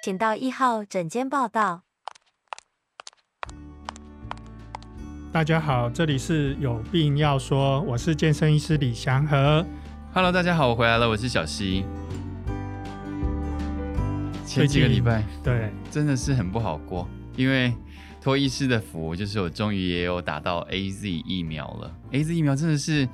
請到一號診間報到。大家好，這裡是有病要說，我是健身醫師李祥和。Hello，大家好，我回來了，我是小奚。 前幾個禮拜， 對，真的是很不好過，因為托醫師的福，就是我終於也有打到 A Z 疫苗了。A Z 疫苗真的是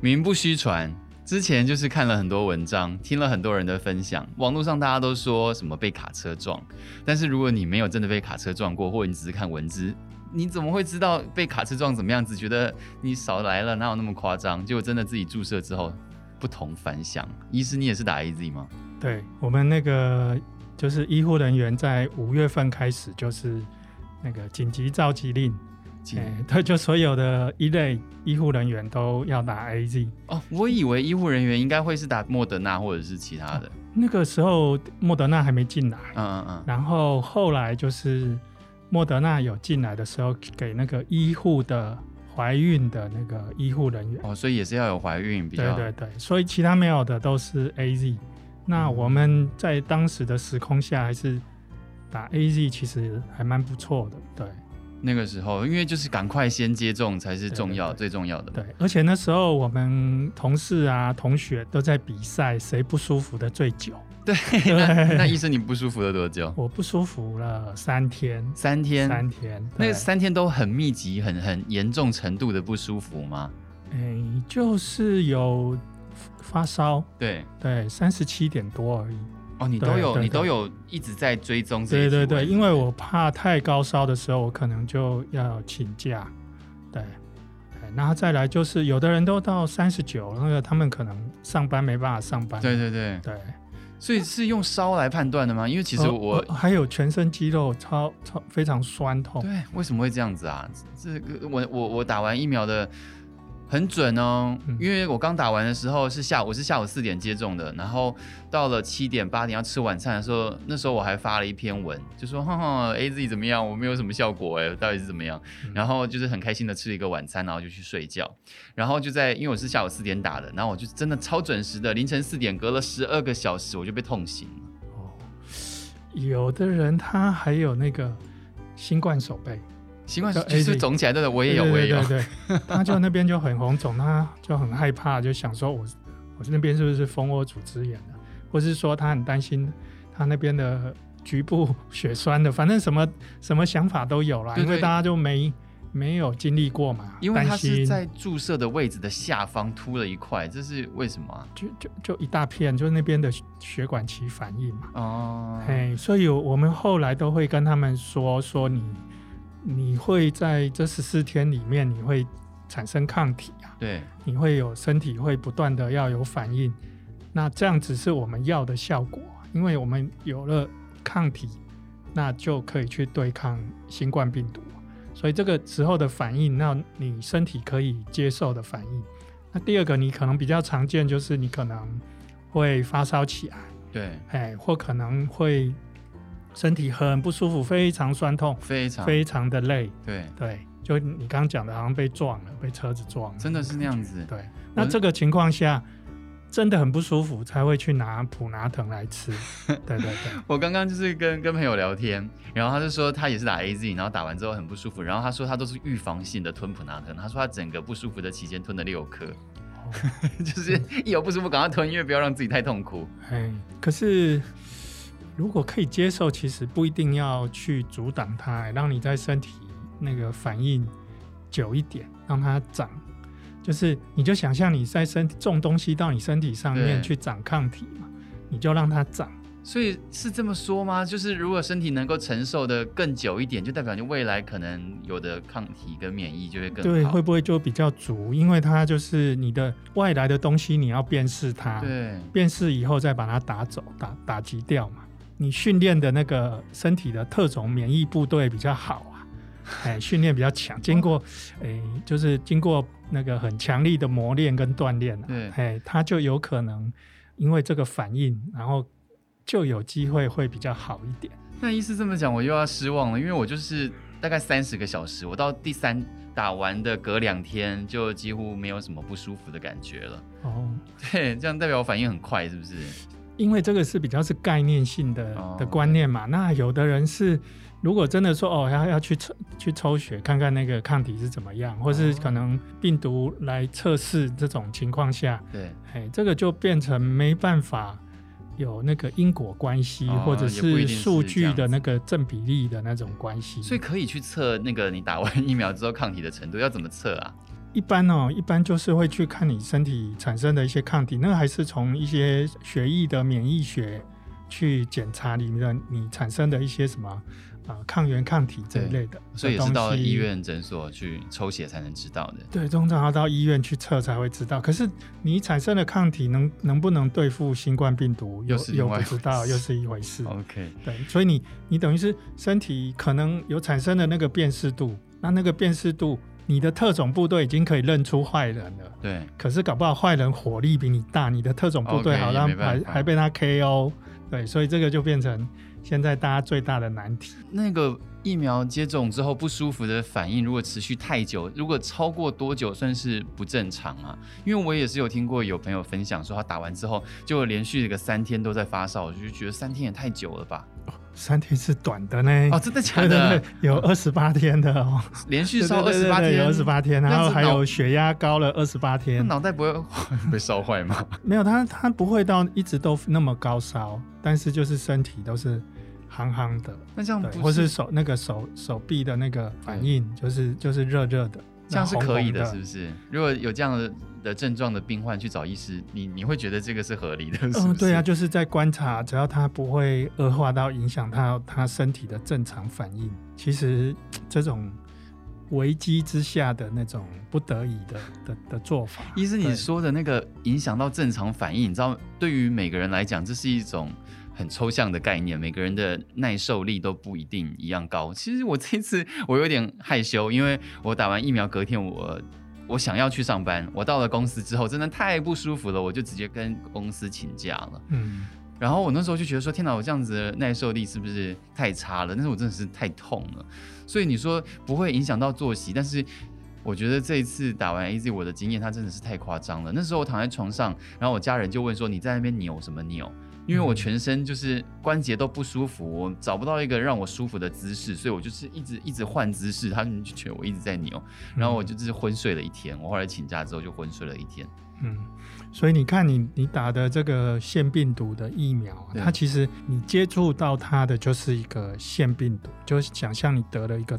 名不虛傳。之前就是看了很多文章，聽了很多人的分享，網絡上大家都說什麼被卡車撞，但是如果你沒有真的被卡車撞過，或者你只是看文字，你怎麼會知道被卡車撞怎麼樣子？覺得你少來了，哪有那麼誇張？結果真的自己注射之後，不同凡響。醫師你也是打 AZ 嗎？對，我們那個就是醫護人員在五月份開始就是那個緊急召集令。其實欸、對，就所有的一類醫護人員都要打 AZ 哦。我以為醫護人員應該會是打莫德納或者是其他的。啊、那個時候莫德納還沒進來，嗯嗯嗯。然後後來就是莫德納有進來的時候，給那個醫護的、懷孕的那個醫護人員哦，所以也是要有懷孕比較好。對對對，所以其他沒有的都是 AZ。那我們在當時的時空下，還是打 AZ 其實還蠻不錯的，對。那個時候，因為就是趕快先接種才是重要，對對對，最重要的。對，而且那時候我們同事啊、同學都在比賽，誰不舒服的最久。對，對那，那醫生你不舒服了多久？我不舒服了三天，三天，三天。那三天都很密集、很很嚴重程度的不舒服嗎？哎、欸，就是有發燒，對對，三十七點多而已。哦、你都有，對對對你都有一直在追蹤這些對對對，會對因為我怕太高燒的時候，我可能就要請假。對，那再來就是，有的人都到三十九，那個他們可能上班沒辦法上班。對對對對，對所以是用燒來判斷的嗎？啊、因為其實我、啊啊、還有全身肌肉超超非常酸痛。對，為什麼會這樣子啊？這個我我我打完疫苗的。很準哦，因為我剛打完的時候是下午，我是下午四點接種的，然後到了七點八點要吃晚餐的時候，那時候我還發了一篇文，就說哼哼，AZ 怎麼樣？我沒有什麼效果哎、欸，到底是怎麼樣？然後就是很開心的吃了一個晚餐，然後就去睡覺，然後就在，因為我是下午四點打的，然後我就真的超準時的，凌晨四點，隔了十二個小時，我就被痛醒了。哦，有的人他還有那個新冠手背。習慣是，是腫起來的，我也有，也、欸、對，對，對對，他就那邊就很紅腫， 他就很害怕，就想說我，我那邊是不是蜂窩組織炎？或是說他很擔心他那邊的局部血栓的，反正什麼什麼想法都有了，對對對，因為大家就沒沒有經歷過嘛。因為他是在注射的位置的下方凸了一塊，這是為什麼、啊就？這是為什麼啊？就就就就一大片，就是那邊的血管起反應嘛。哦，嘿，所以我們後來都會跟他們說說你。你會在這十四天裡面，你會產生抗體啊？對，你會有身體會不斷的要有反應。那這樣子是我們要的效果，因為我們有了抗體，那就可以去對抗新冠病毒。所以這個時候的反應，那你身體可以接受的反應。那第二個，你可能比較常見就是你可能會發燒起來，對，哎，或可能會。身體很不舒服，非常酸痛，非常非常的累。對對，就你剛剛講的，好像被撞了，被車子撞了，真的是那樣子。對，是那這個情況下真的很不舒服，才會去拿普拿疼來吃。對對對， 我剛剛就是跟跟朋友聊天，然後他就說他也是打 AZ，然後打完之後很不舒服，然後他說他都是預防性的吞普拿疼，他說他整個不舒服的期間吞了六顆，哦、 就是一有不舒服趕 快吞，因為不要讓自己太痛苦。哎，可是。如果可以接受，其實不一定要去阻擋它，讓你在身體那個反應久一點，讓它長，就是你就想象你在身體種東西到你身體上面去長抗體嘛，對你就讓它長。所以是這麼說嗎？就是如果身體能夠承受的更久一點，就代表你未來可能有的抗體跟免疫就會更好，對，會不會就比較足？因為它就是你的外來的東西，你要辨識它，對，辨識以後再把它打走，打打擊掉嘛。你訓練的那個身體的特種免疫部隊比較好啊， 哎，訓練比較強，經過哎，就是經過那個很強力的磨練跟鍛煉啊，對哎，他就有可能因為這個反應，然後就有機會會比較好一點。那意思這麼講，我又要失望了，因為我就是大概三十個小時，我到第三打完的，隔兩天就幾乎沒有什麼不舒服的感覺了。哦，對，這樣代表我反應很快，是不是？因為這個是比較是概念性的的觀念嘛，哦、那有的人是如果真的說哦，要要去抽去抽血看看那個抗體是怎麼樣，哦、或是可能病毒來測試這種情況下，對，哎，這個就變成沒辦法有那個因果關係、哦、或者是數據的那個正比例的那種關係，所以可以去測那個你打完疫苗之後抗體的程度，要怎麼測啊？一般哦，一般就是會去看你身體產生的一些抗體，那個、還是從一些血液的免疫學去檢查裡面的你產生的一些什麼啊、呃、抗原抗體這一類的、的，所以也是到醫院診所去抽血才能知道的。對，通常要到醫院去測才會知道。可是你產生的抗體能能不能對付新冠病毒，又又、是又不知道，又是一回事。 OK，對，所以你你等於是身體可能有產生的那個辨識度，那那個辨識度。你的特種部隊已經可以認出壞人了，對。可是搞不好壞人火力比你大，你的特種部隊好像還 okay, 還被他 KO，對。所以這個就變成現在大家最大的難題。那個疫苗接種之後不舒服的反應，如果持續太久，如果超過多久算是不正常啊？因為我也是有聽過有朋友分享說，他打完之後就連續一個三天都在發燒，我就覺得三天也太久了吧。 三天是短的呢，哦，真的假的？對對對，有二十八天的、嗯、哦，連續燒二十八天，二十八天，然後還有血壓高了二十八天，腦袋不會被燒壞嗎？沒有，他他不會到一直都那麼高燒，但是就是身體都是夯夯的，那這樣不是，或是手那個手手臂的那個反應就是就是熱熱的，這樣是可以的，是不是？如果有這樣的。的症狀的病患去找醫師，你你會覺得這個是合理的是不是？嗯，對啊，就是在觀察，只要他不會惡化到影響他他身體的正常反應。其實這種危機之下的那種不得已的的的做法，醫師對你說的那個影響到正常反應，你知道對於每個人來講，這是一種很抽象的概念，每個人的耐受力都不一定一樣高。其實我這一次我有點害羞，因為我打完疫苗隔天我。我想要去上班，我到了公司之後真的太不舒服了，我就直接跟公司請假了。嗯，然後我那時候就覺得說，天哪，我這樣子的耐受力是不是太差了？但是我真的是太痛了，所以你說不會影響到作息，但是我覺得這一次打完 AZ 我的經驗，它真的是太誇張了。那時候我躺在床上，然後我家人就問說：“你在那邊扭什麼扭？”因為我全身就是關節都不舒服，嗯、找不到一個讓我舒服的姿勢，所以我就是一直一直換姿勢。他們就覺得我一直在扭，嗯、然後我就只是昏睡了一天。我後來請假之後就昏睡了一天。嗯，所以你看你，你你打的這個腺病毒的疫苗，它其實你接觸到它的就是一個腺病毒，就是想象你得了一個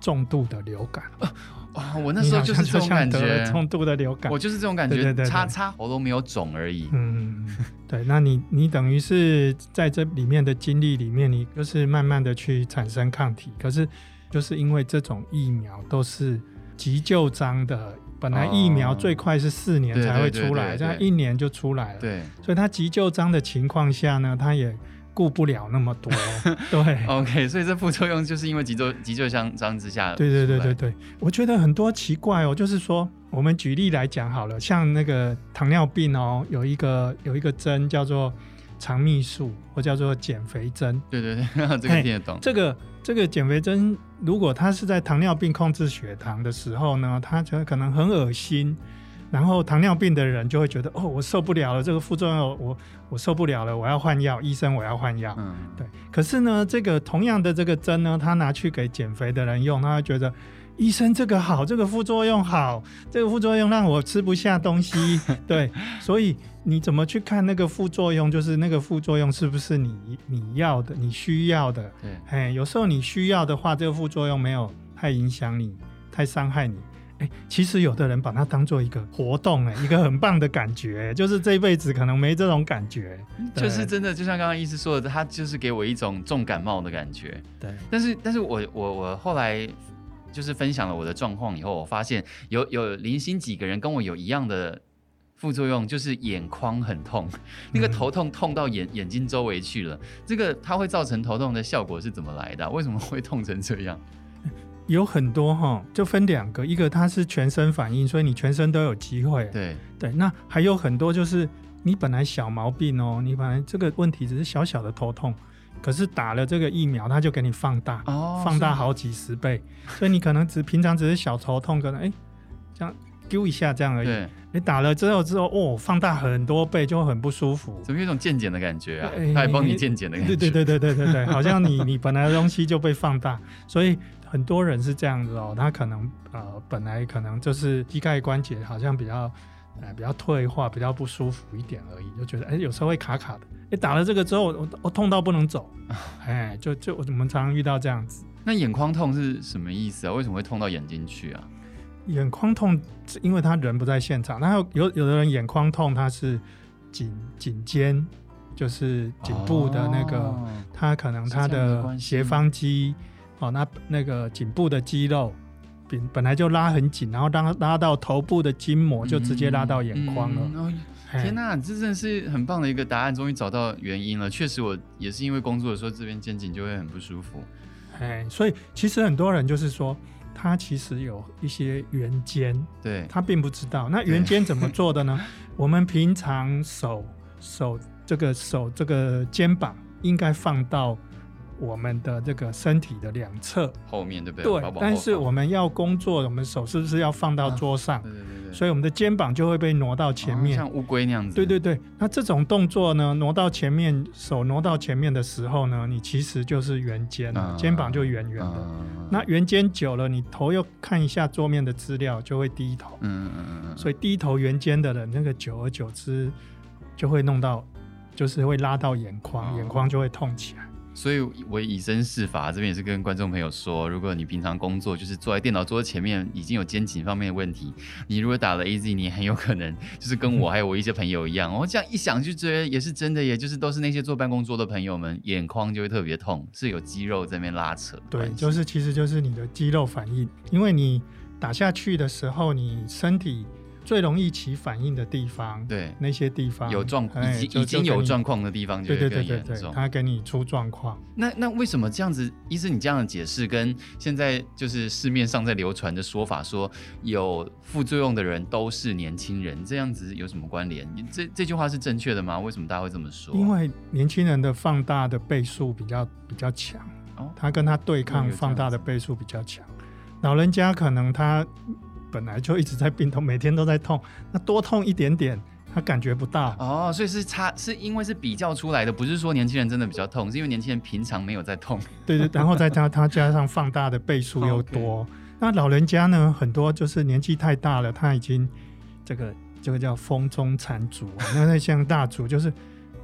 重度的流感。嗯哇、哦，我那時候就是這種感覺，重度的流感。我就是這種感覺。擦擦對對對對，我都沒有腫而已。嗯，對，那你你等於是在這裡面的經歷裡面，你就是慢慢的去產生抗體。可是就是因為這種疫苗都是急就章的，本來疫苗最快是四年才會出來，這樣、哦、一年就出來了。對，所以它急就章的情況下呢，它也。顧不了那麼多，哦，對 ，OK，所以這副作用就是因為急就章之下的。對，對對對對對，我覺得很多奇怪哦，就是說我們舉例來講好了，像那個糖尿病哦，有一個有一個針叫做腸泌素或叫做減肥針，對對對，這個聽得懂，這個這個減肥針如果它是在糖尿病控制血糖的時候呢，它可能很噁心。然後糖尿病的人就會覺得哦，我受不了了，這個副作用我我受不了了，我要換藥，醫生我要換藥。嗯，對。可是呢，這個同樣的這個針呢，他拿去給減肥的人用，他會覺得醫生，這個好，這個副作用好，這個副作用讓我吃不下東西。 對，所以你怎麼去看那個副作用，就是那個副作用是不是你你要的、你需要的？對，哎，有時候你需要的話，這個副作用沒有太影響你，太傷害你。欸、其實有的人把它當做一個活動、欸，哎，一個很棒的感覺、欸，就是這一輩子可能沒這種感覺、欸，就是真的，就像剛剛醫師說的，他就是給我一種重感冒的感覺。對，但是，但是我，我，我後來就是分享了我的狀況以後，我發現有有零星幾個人跟我有一樣的副作用，就是眼眶很痛，那個頭痛痛到眼、嗯、眼睛周圍去了。這個它會造成頭痛的效果是怎麼來的、啊？為什麼會痛成這樣？有很多哈，就分兩個，一個它是全身反應，所以你全身都有機會。對對，那還有很多就是你本來小毛病哦、喔，你本來這個問題只是小小的頭痛，可是打了這個疫苗，它就給你放大，哦、放大好幾十倍，啊、所以你可能只平常只是小頭痛，可能哎、欸、這樣。丟一下這樣而已。你對、欸、打了之後之後，哦，放大很多倍就很不舒服。怎麼有種健檢的感覺啊？欸欸、他還幫你健檢的感覺、欸欸。對對對對對對，對好像你你本來的東西就被放大， 所以很多人是這樣子哦。他可能呃本來可能就是膝蓋關節好像比較呃比較退化，比較不舒服一點而已，就覺得哎、欸、有時候會卡卡的。哎、欸、打了這個之後我，我痛到不能走，哎、 欸、就就我我們常常遇到這樣子。那眼眶痛是什麼意思啊？為什麼會痛到眼睛去啊？眼眶痛，因為他人不在現場。然後有有的人眼眶痛，他是頸頸肩，就是頸部的那個，哦，他可能他的斜方肌哦，那那個頸部的肌肉本本來就拉很緊，然後當拉，拉到頭部的筋膜，就直接拉到眼眶了。天哪，這真是很棒的一個答案，終於找到原因了。確實，我也是因為工作的時候，這邊肩頸就會很不舒服。哎，所以其實很多人就是說。他其實有一些圓肩，對，他並不知道。那圓肩怎麼做的呢？對 我們平常手 手這個手這個肩膀應該放到。我們的這個身體的兩側後面對不對？對。但是我們要工作，我們手是不是要放到桌上？所以我們的肩膀就會被挪到前面，像烏龜那樣子。對對對。那這種動作呢，挪到前面，手挪到前面的時候呢，你其實就是圓肩了，肩膀就圓圓的。那圓肩久了，你頭又看一下桌面的資料，就會低頭。嗯嗯嗯嗯。所以低頭圓肩的人，那個久而久之，就會弄到，就是會拉到眼眶，眼眶就會痛起來。所以，我以身試法，這邊也是跟觀眾朋友說，如果你平常工作就是坐在電腦桌前面，已經有肩頸方面的問題，你如果打了 AZ，你很有可能就是跟我還有我一些朋友一樣，我、嗯哦、這樣一想就覺得也是真的，也就是都是那些坐辦公桌的朋友們，眼眶就會特別痛，是有肌肉在那邊拉扯。對，就是其實就是你的肌肉反應，因為你打下去的時候，你身體。最容易起反應的地方，對那些地方有狀況，已經就就已經有狀況的地方就對對，對，對，對對，有他給你出狀況。那那為什麼這樣子？醫生，你這樣的解釋跟現在就是市面上在流傳的說法，說有副作用的人都是年輕人，這樣子有什麼關聯？你這這句話是正確的嗎？為什麼大家會這麼說？因為年輕人的放大的倍數比較比較強，哦，他跟他對抗放大的倍數比較強，哦，老人家可能他。本來就一直在病痛，每天都在痛，那多痛一點點，他感覺不到哦，所以是差，是因為是比較出來的，不是說年輕人真的比較痛，是因為年輕人平常沒有在痛。對對，然後再加上 他加上放大的倍數又多，哦 okay，那老人家呢，很多就是年紀太大了，他已經這個這個叫風中殘燭 那那像大燭就是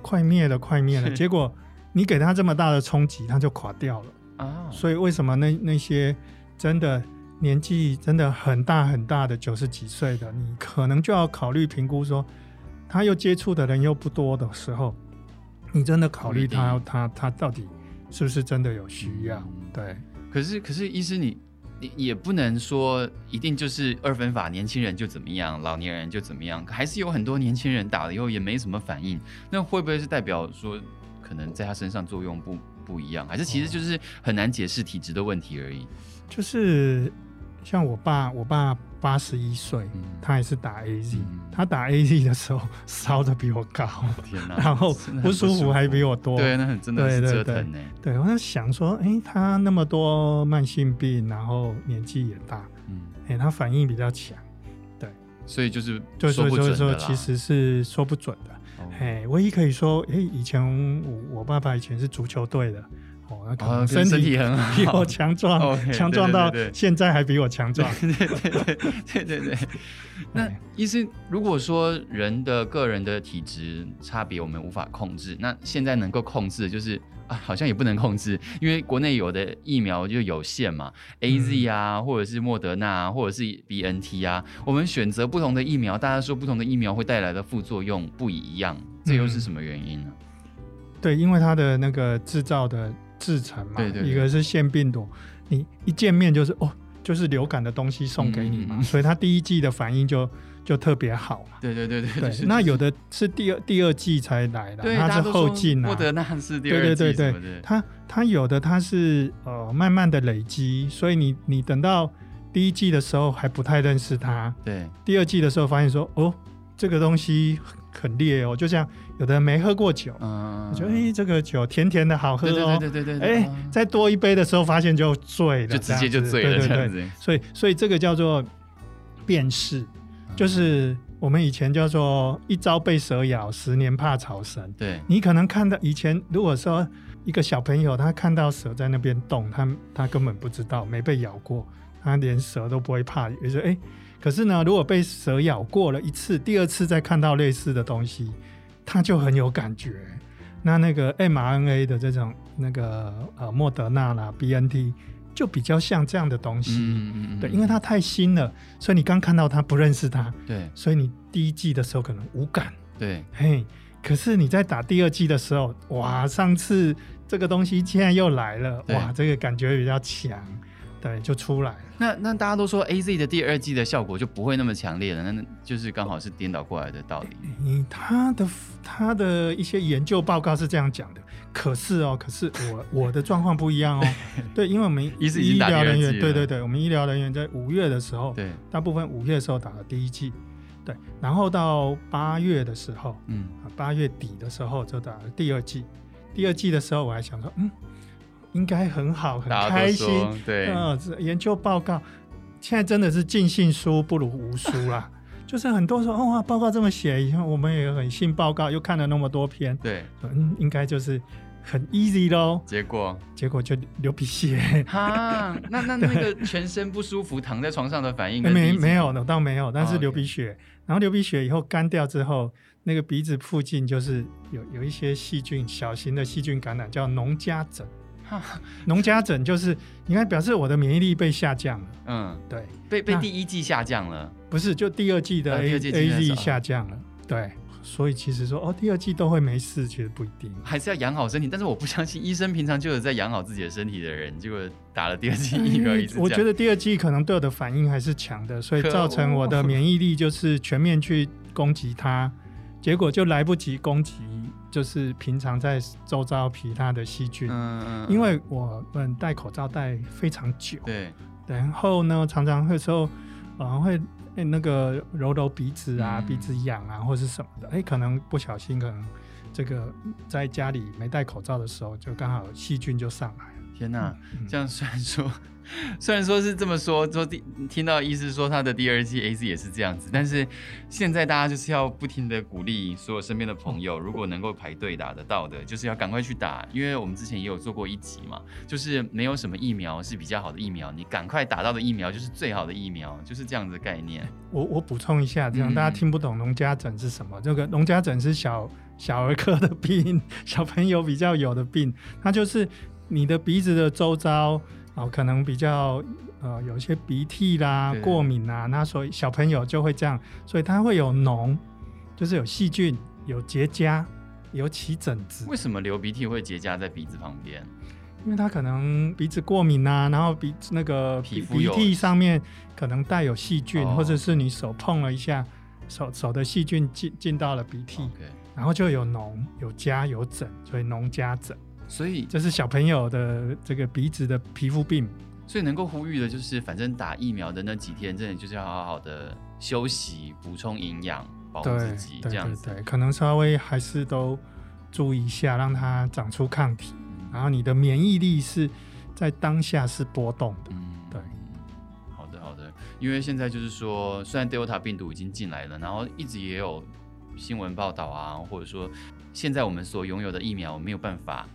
快滅了，快滅了，是結果你給他這麼大的衝擊，他就垮掉了啊，哦、所以為什麼那那些真的，年紀真的很大很大的九十幾歲的，你可能就要考慮評估說，他又接觸的人又不多的時候，你真的考慮他一定。他他到底是不是真的有需要？嗯、對。可。可是可是，醫師你，你你也不能說一定就是二分法，年輕人就怎麼樣，老年人就怎麼樣，還是有很多年輕人打了以後也沒什麼反應，那會不會是代表說可能在他身上作用不不一樣，還是其實就是很難解釋體質的問題而已？哦、就是。像我爸，我爸八十一歲，嗯、他也是打 AZ、嗯。他打 AZ 的時候燒、嗯、的比我高，哪然後不舒服，不舒服還比我多。對，那很真的是折騰呢。對我在想說，哎，他那麼多慢性病，然後年紀也大，哎、嗯，他反應比較強，對。所以就是，就是就是說，說，其實是說不準的。哎、哦，唯一可以說，哎，以前我我爸爸以前是足球隊的。哦，那身體很好，比我強壯，強壯、哦，到現在還比我強壯。對對對對， 對對對對。那醫生 Okay.，如果說人的個人的體質差別，我們無法控制，那現在能夠控制，就是啊，好像也不能控制，因為國內有的疫苗就有限嘛，嗯、A Z 啊，或者是莫德納，啊，或者是 B N T 啊，我們選擇不同的疫苗，大家說不同的疫苗會帶來的副作用不一樣，這又，嗯、是什麼原因呢，啊？對，因為它的那個製造的。製程嘛，對對對對，一個是腺病毒，你一見面就是哦，就是流感的東西送給你嘛，嗯嗯啊、所以它第一劑的反應就就特別好嘛。對對對對對，那有的是第二第二劑才來的，它對是後進啊。莫德納是第二劑的。對對對對，它它有的它是呃慢慢的累積，所以你你等到第一劑的時候還不太認識它，對，對，第二劑的時候發現說哦。這個東西很烈哦，就像有的人沒喝過酒，我覺得哎，這個酒甜甜的好喝哦。再多一杯的時候，發現就醉了。就直接就醉了，這樣，對對對，所以，所以這個叫做辨識，嗯、就是我們以前叫做一朝被蛇咬，十年怕草繩。對，你可能看到以前，如果說一個小朋友他看到蛇在那邊動，他他根本不知道沒被咬過，他連蛇都不會怕，也就說、是、哎。欸可是呢，如果被蛇咬過了一次，第二次再看到類似的東西，它就很有感覺、欸。那那個 mRNA 的這種那個呃莫德納啦 BNT 就比較像這樣的東西，嗯嗯嗯、對，因為它太新了，所以你剛看到它不認識它，對，所以你第一劑的時候可能無感，對，嘿，hey, 可是你在打第二劑的時候，哇，上次這個東西竟然又來了，對哇，這個感覺比較強。對，就出來了。那那大家都說 AZ 的第二季的效果就不會那麼強烈了，那那就是剛好是顛倒過來的道理。嗯，他的他的一些研究報告是這樣講的。可是哦，可是我 我的狀況不一樣哦對。對，因為我們醫療人員，對對對，我們醫療人員在五月的時候，對，大部分五月的時候打了第一季，對，然後到八月的時候，嗯，八月底的時候就打了第二季。第二季的時候我還想說，嗯。應該很好，很開心。對、呃，研究報告，現在真的是盡信書不如無書啦。 就是很多時候，哇、哦啊，報告這麼寫，以後我們也很信報告，又看了那麼多篇，對，嗯，應該就是很 easy 嘍。結果，結果就流鼻血啊！那那那個全身不舒服， 對躺在床上的反應，對沒沒有，我倒沒有，但是流鼻血。Okay 然後流鼻血以後乾掉之後，那個鼻子附近就是有有一些細菌，小型的細菌感染，叫膿痂疹。哈，農 家症就是，你看，表示我的免疫力被下降了。嗯，對，被被第一劑下降了，不是，就第二劑的 A、啊、AZ 下降了。對，所以其實說哦，第二劑都會沒事，其實不一定，還是要養好身體。但是我不相信，醫生平常就有在養好自己的身體的人，結果打了第二劑疫苗，嗯、因為我覺得第二劑可能對我的反應還是強的，所以造成我的免疫力就是全面去攻擊他，哦、結果就來不及攻擊。就是平常在周遭其他的細菌，嗯、因為我們戴口罩戴非常久，對，對，然後呢常常有時候、呃、會那個揉揉鼻子啊，嗯、鼻子癢啊或是什麼的，誒可能不小心可能這個在家裡沒戴口罩的時候，就剛好細菌就上來。天吶，嗯、這樣雖然說，雖然說是這麼說，說第聽到醫師說他的第二劑 AZ 也是這樣子，但是現在大家就是要不停的鼓勵所有身邊的朋友，如果能夠排隊打得到的，就是要趕快去打，因為我們之前也有做過一集嘛，就是沒有什麼疫苗是比較好的疫苗，你趕快打到的疫苗就是最好的疫苗，就是這樣子的概念。我我補充一下，這樣嗯嗯大家聽不懂膿痂疹是什麼？這個膿痂疹是小小兒科的病，小朋友比較有的病，他就是。你的鼻子的周遭哦、呃，可能比較呃有一些鼻涕啦、對過敏啊，那所以小朋友就會這樣，所以它會有膿，就是有細菌、有結痂、有起疹子。為什麼流鼻涕會結痂在鼻子旁邊？因為它可能鼻子過敏啊，然後鼻那個鼻鼻涕上面可能帶有細菌，哦、或者是你手碰了一下，手手的細菌進進到了鼻涕，Okay 然後就有膿、有痂、有疹，所以膿痂疹。所以，這是小朋友的這個鼻子的皮膚病。所以能夠呼籲的，就是反正打疫苗的那幾天，真的就是要好好,好的休息、補充營養、保護自己這樣子。對,對,對,對，可能稍微還是都注意一下，讓它長出抗體。然後你的免疫力是在當下是波動的。嗯、對，好的，好的。因為現在就是說，雖然 Delta 病毒已經進來了，然後一直也有新聞報道啊，或者說現在我們所擁有的疫苗沒有辦法。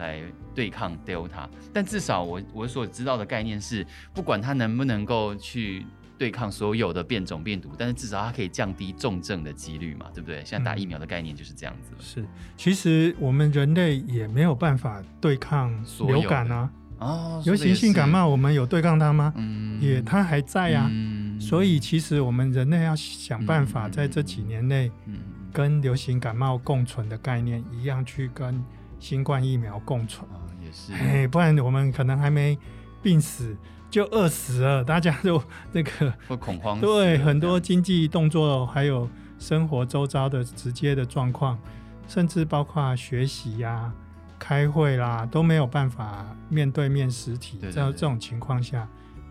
來對抗 Delta，但至少我我所知道的概念是，不管它能不能夠去對抗所有的變種病毒，但是至少它可以降低重症的幾率嘛，對不對？像打疫苗的概念就是這樣子、嗯。是，其實我們人類也沒有辦法對抗流感啊，哦，流行性感冒，我們有對抗它嗎？嗯，也它還在呀、啊。嗯、所以其實我們人類要想辦法，在這幾年內，嗯，跟流行感冒共存的概念一樣，去跟。新冠疫苗共存也是，不然我們可能還沒病死就餓死了，大家都那、這個，不恐慌，對，很多經濟動作樣還有生活周遭的直接的狀況，甚至包括學習呀、啊、開會啦、啊，都沒有辦法面對面實體，對對對，在這種情況下。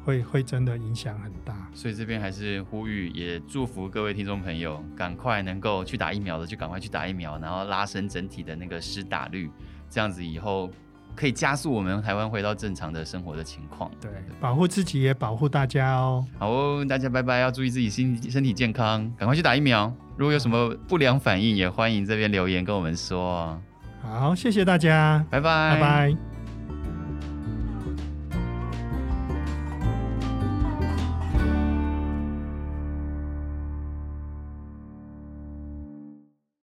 會會真的影響很大，所以這邊還是呼籲，也祝福各位聽眾朋友，趕快能夠去打疫苗的就趕快去打疫苗，然後拉升整體的那個施打率，這樣子以後可以加速我們台灣回到正常的生活的情況。對，對保護自己也保護大家哦。好哦，大家拜拜，要注意自己心身體健康，趕快去打疫苗。如果有什麼不良反應，也歡迎這邊留言跟我們說。好，謝謝大家，拜拜，拜拜。